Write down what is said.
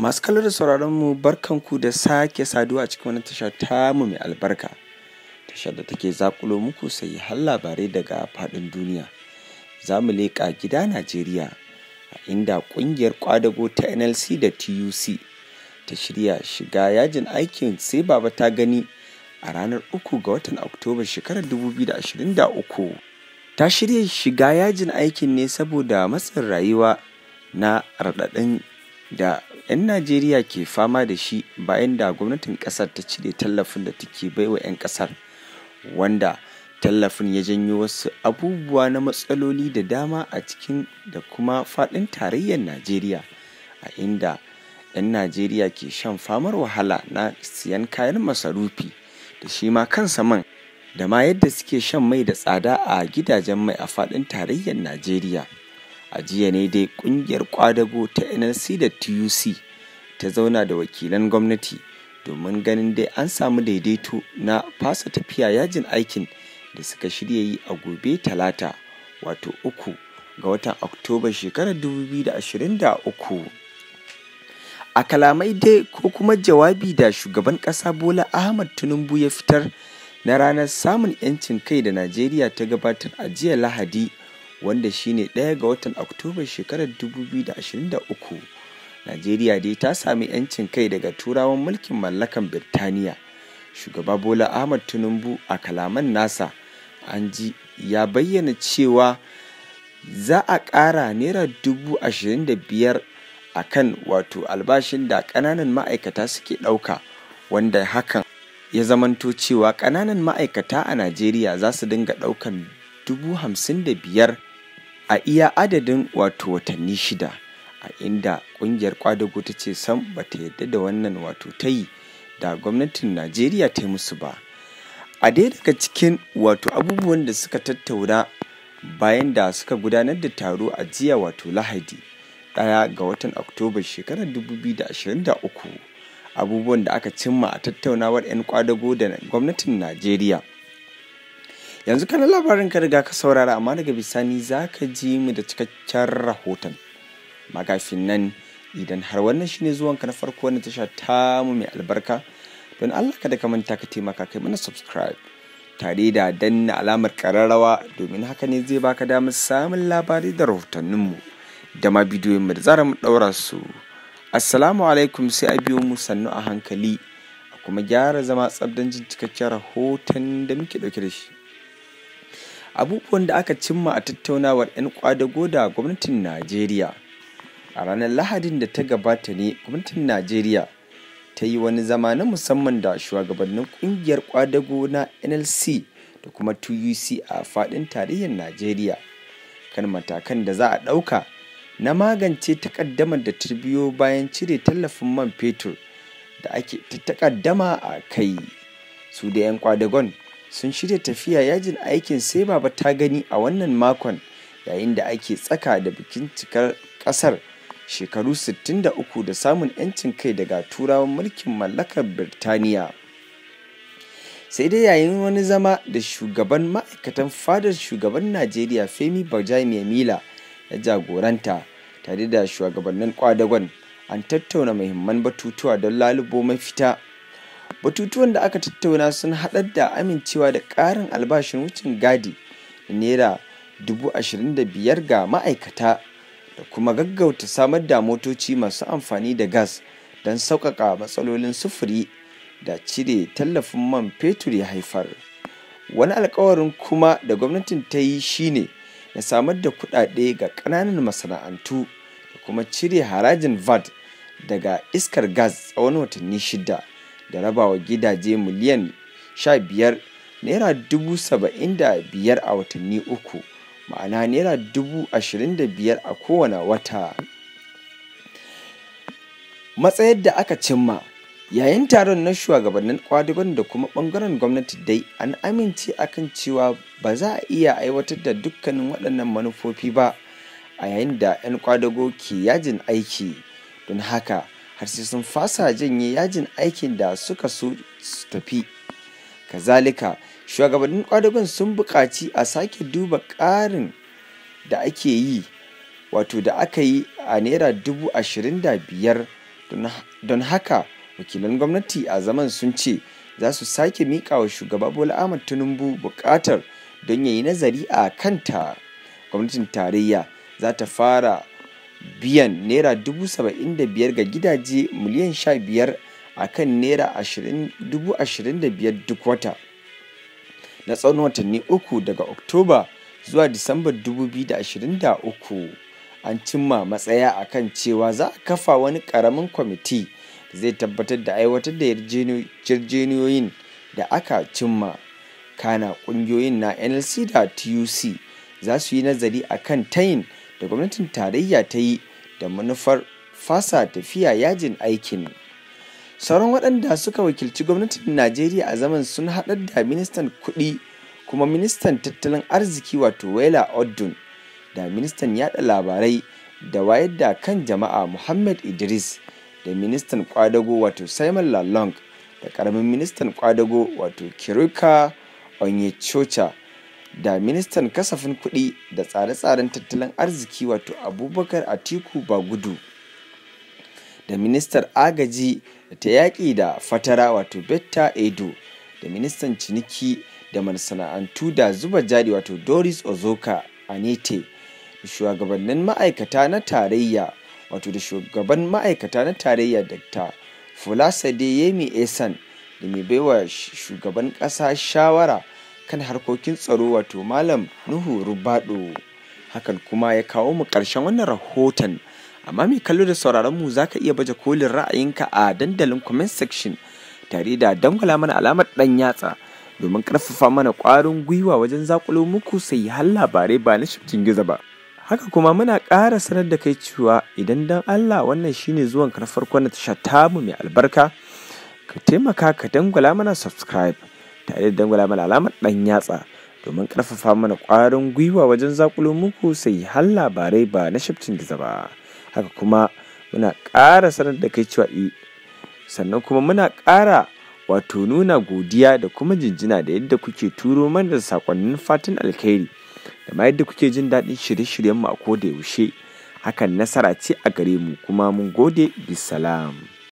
Masu kallon da sauraron mu barkanku da sake saduwa a cikin wani tasha ta mu mai albarka. Tashar da take zakulo muku sai har labarai daga faɗin duniya. Za mu leƙa gida Najeriya a inda ƙungiyar kwadago ta NLC da TUC ta shirya shiga yajin aikin sai baba ta gani a ranar 3 ga watan Oktoba shekarar 2023. Ta shirya shiga yajin aikin ne saboda matsin rayuwa na raɗaɗin da 'yan Najeriya ke fama da shi bayan da gwamnatin ƙasar ta cire tallafin da take baiwa 'yan ƙasar, wanda tallafin ya janyo wasu abubuwa na matsaloli da dama a cikin da kuma faɗin tarayyar Najeriya, a inda 'yan Najeriya ke shan famar wahala na siyan kayan masarufi da shi ma kansa man, da ma yadda suke shan mai da tsada a gidajen mai a faɗin tarayyar Najeriya. a jiya ne dai kungiyar kwadago ta nlc da tuc ta zauna da wakilan gwamnati domin ganin dai an samu daidaito na fasa tafiya yajin aikin da suka shirya yi a gobe talata wato uku ga watan oktoba shekarar 2023 a kalamai dai ko kuma jawabi da shugaban ƙasa bola ahmad Tunumbu ya fitar na ranar samun 'yancin kai da najeriya ta gabatar a jiya lahadi wanda shine ɗaya ga watan oktoba shekarar 2023 najeriya dai ta sami 'yancin kai daga turawan mulkin mallakan birtaniya shugaba bola ahmad tinubu a kalaman nasa an ji ya bayyana cewa za a ƙara naira dubu ashirin da biyar a kan wato albashin da ƙananan ma'aikata suke ɗauka wanda hakan ya zamanto cewa ƙananan ma'aikata a najeriya za su dinga ɗaukan dubu hamsin da biyar a iya adadin wato watanni shida a inda ƙungiyar kwadago ta ce sam ba ta yadda da wannan wato ta yi da gwamnatin najeriya ta yi musu ba a daya daga cikin wato abubuwan da suka tattauna bayan da suka gudanar da taro a jiya wato lahadi ɗaya ga watan oktoba shekarar 2023 abubuwan da aka cimma a tattaunawar 'yan kwadago da gwamnatin najeriya yanzu kana labarin ka riga ka saurara amma daga bisani za ka ji mu da cikakken rahoton magafin nan idan har wannan shine ka na farko wannan tasha ta mu mai albarka don Allah ka da ka manta ka taimaka kai mana subscribe tare da danna alamar kararrawa domin haka ne zai baka damar samun labari da rahotannin mu da ma bidiyon mu da zara mu daura su assalamu alaikum sai a biyo mu sannu a hankali a kuma gyara zama tsabdan jin cikakken rahoton da muke dauke da shi abubuwan da aka cimma a tattaunawar 'yan kwadago da gwamnatin najeriya a ranar lahadin da ta gabata ne gwamnatin najeriya ta yi wani zama na musamman da shugabannin kungiyar kwadago na nlc da kuma tuc a fadin tarihin najeriya kan matakan da za a ɗauka na magance takaddamar da ta bayan cire tallafin man fetur da ake ta takaddama a kai su da 'yan kwadagon sun shirya tafiya yajin aikin sai baba ta gani a wannan makon yayin da ake tsaka da bikin cikar kasar shekaru 63 da samun 'yancin kai daga turawan mulkin mallakar birtaniya sai dai yayin wani zama da shugaban ma'aikatan fadar shugaban najeriya femi bajamiya mila ya jagoranta tare da shugabannin kwadagon an tattauna muhimman batutuwa don lalubo mafita Batutuwan da aka tattauna sun haɗar da amincewa da ƙarin albashin wucin gadi da Naira 25,000 ga ma'aikata da kuma gaggauta samar da motoci masu amfani da gas don sauƙaƙa matsalolin sufuri da cire tallafin man fetur ya haifar. Wani alkawarin kuma da gwamnatin ta yi shine na samar da kuɗaɗe ga ƙananan masana'antu da kuma cire harajin VAT daga iskar gas tsawon watanni shida. da rabawa gidaje miliyan biyar naira dubu saba'in da biyar a watanni uku ma'ana naira dubu ashirin da biyar a kowane wata matsayar da aka cimma yayin taron na shugabannin kwadagon da kuma bangaren gwamnati dai an amince akan cewa ba za a iya aiwatar da dukkanin waɗannan manufofi ba a yayin da 'yan kwadago ke yajin aiki don haka har sai sun fasa janye yajin aikin da suka so su tafi kazalika shugabannin kwadagon sun buƙaci a sake duba ƙarin da ake yi wato da aka yi a naira dubu ashirin da biyar don haka wakilan gwamnati a zaman sun ce za su sake miƙa wa shugaba bola ahmad tinubu buƙatar don yayi nazari a kanta gwamnatin tarayya za ta fara biyan naira dubu saba'in da biyar ga gidaje miliyan sha biyar a kan naira dubu ashirin da biyar duk wata na tsawon watanni uku daga oktoba zuwa da uku, an cimma matsaya a kan cewa za a kafa wani karamin kwamiti da zai tabbatar da aiwatar da yarjejeniyoyin da aka cimma kana kungiyoyin na nlc da tuc za su yi nazari a kan tayin da gwamnatin tarayya ta yi da manufar fasa tafiya yajin aikin sauran waɗanda suka wakilci gwamnatin najeriya a zaman sun haɗar da ministan kuɗi kuma ministan tattalin arziki wato wela odun da ministan yada labarai da wayar da kan jama'a muhammad idris da ministan kwadago wato simon lalong da ƙaramin ministan kwadago wato kiruka onyechocha da ministan kasafin kuɗi da tsare-tsaren tattalin arziki wato abubakar atiku gudu da ministar agaji ta yaƙi da fatara wato betta edo da ministan ciniki da masana'antu da zuba jari wato doris ozoka anete da shugabannin ma'aikata na tarayya wato da shugaban ma'aikata na tarayya dr fulasade yemi esan da mai baiwa shugaban ƙasa shawara kan harkokin tsaro wato Malam Nuhu Rubado. Hakan kuma ya kawo mu ƙarshen wannan rahoton. Amma mai kallo da sauraron mu zaka iya baje kolin ra'ayinka a dandalin comment section tare da dangwala mana alamar ɗan yatsa domin karfafa mana kwarin gwiwa wajen zakulo muku sai har labarai ba na shifcin giza ba. Haka kuma muna ƙara sanar da kai cewa idan dan Allah wannan shine zuwan karfar na farko na tasha tamu mai albarka ka taimaka ka dangwala mana subscribe tare da dangwala mana alamar ɗan yatsa domin karfafa mana kwarin gwiwa wajen zakulo muku sai har labarai ba na shafcin giza ba haka kuma muna ƙara sanar da kai cewa sannan kuma muna ƙara wato nuna godiya da kuma jinjina da yadda kuke turo mana da sakonnin fatan alkhairi da ma yadda kuke jin daɗin shirye shiryen mu a koda yaushe hakan nasara ce a gare mu kuma mun gode bisalam.